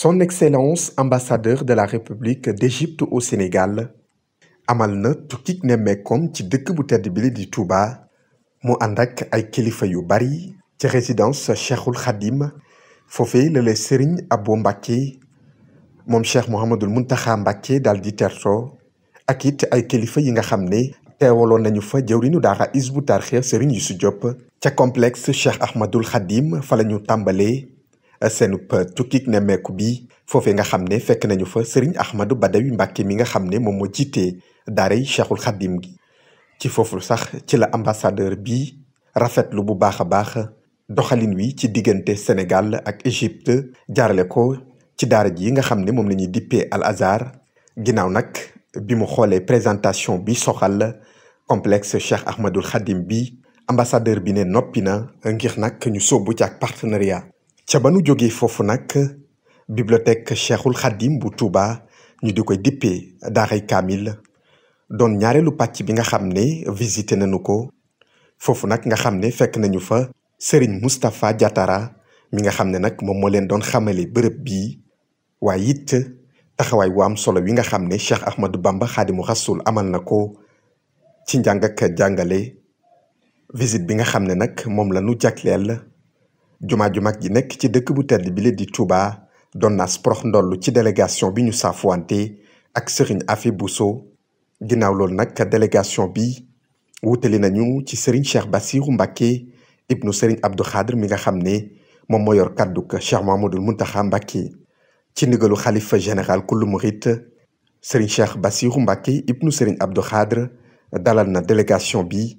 son excellence ambassadeur de la république d'Égypte au Sénégal amal na tukkik nemmeekoom ci dëkk bu tedd bile di Touba mu ànd ak ay kilifa yu bari ci résidence Cheikhul Khadim foofee la la Serigne Abo Mbacké moom Cheikh Mouhamadul Mountakha Mbacké daal di terto ak it ay kilifa yi nga xam ne teewaloon nañu fa jëwriñu daara Hizbut Tarqiyyah Serigne su Diop ca complexe Cheikh Ahmadul Khadim fa la ñu tàmbalee seenub euh, tukkik ne meeku bi foofee nga xam ne fekk nañu fa sëriñ Ahmadou Badawi Mbàkke mi nga xam ne moom moo jiitee daaray Cheikhul Xadim gi ci foofu sax ci la ambassadeur bi rafetlu bu baax a baax doxalin wi ci diggante Sénégal ak Égypte jaarale ko ci daara ji nga xam ne moom la ñuy dippee Al azar ginnaaw nag bi mu xoolee présentation bi soxal complexe Cheikh Ahmadul Xadim bi ambassadeur bi ne noppi na ngir nag ñu sóobu ci ak partenariat ca ba nu jógee foofu nag bibliothèque Cheikhul Khadim bu Touba ñu di koy dippee daaray kaamil doon ñaareelu pàcc bi nga xam ne visité nañu ko foofu nag nga xam ne fekk nañu fa Serigne Moustapha Diatara mi nga xam ne nag moom moo leen doon xamale bërëb bii waaye it taxawaay wu am solo wi nga xam ne Cheikh Ahmadou Bamba Xaadimu Rasul amal na ko ci njàng jàngale visite bi nga xam ne nag moom la ñu jagleel jumaa ju mag ji nekk ci dëkk bu tedd bi la di Touba doon naa sporox ci délégation bi ñu saafuwante ak Serigne Afi Bousso ginnaaw loolu nag délégation bi wutali nañu ci Serigne Cheikh Bassirou Mbacké ibnu Serigne Abdou Khadr mi nga xam ne moom moo yor kàddu ko Cheikh Mamadou Mountakha Mbacké ci ndigalu xalifa général kullu murit Serigne Cheikh Bassirou Mbacké ibnu Serigne Abdou Khadr dalal na délégation bi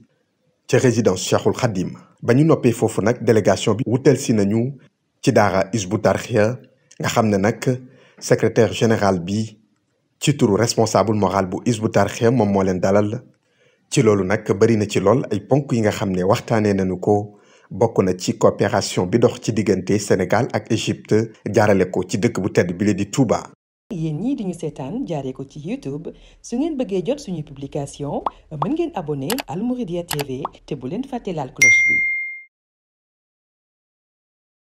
ci résidence Cheikhul Khadim ba ñu noppee foofu nag délégation bi wutal si nañu ci daara bu Hizbut Tarqiyyah nga xam ne nag secretaire général bi ci turu responsable moral bu Hizbut Tarqiyyah moom moo leen dalal ci loolu nag bari na ci lool ay ponk yi nga xam ne waxtaanee nañu ko bokk na ci coopération bi dox ci diggante Sénégal ak Égypte jaarale ko ci dëkk bu tedd bile di Touba. yen ñii di ñu seetaan jaaree ko ci YouTube su ngeen bëggee jot suñu publication mën ngeen abonné Al Mouridiyyah te bu leen fàtte laal cloche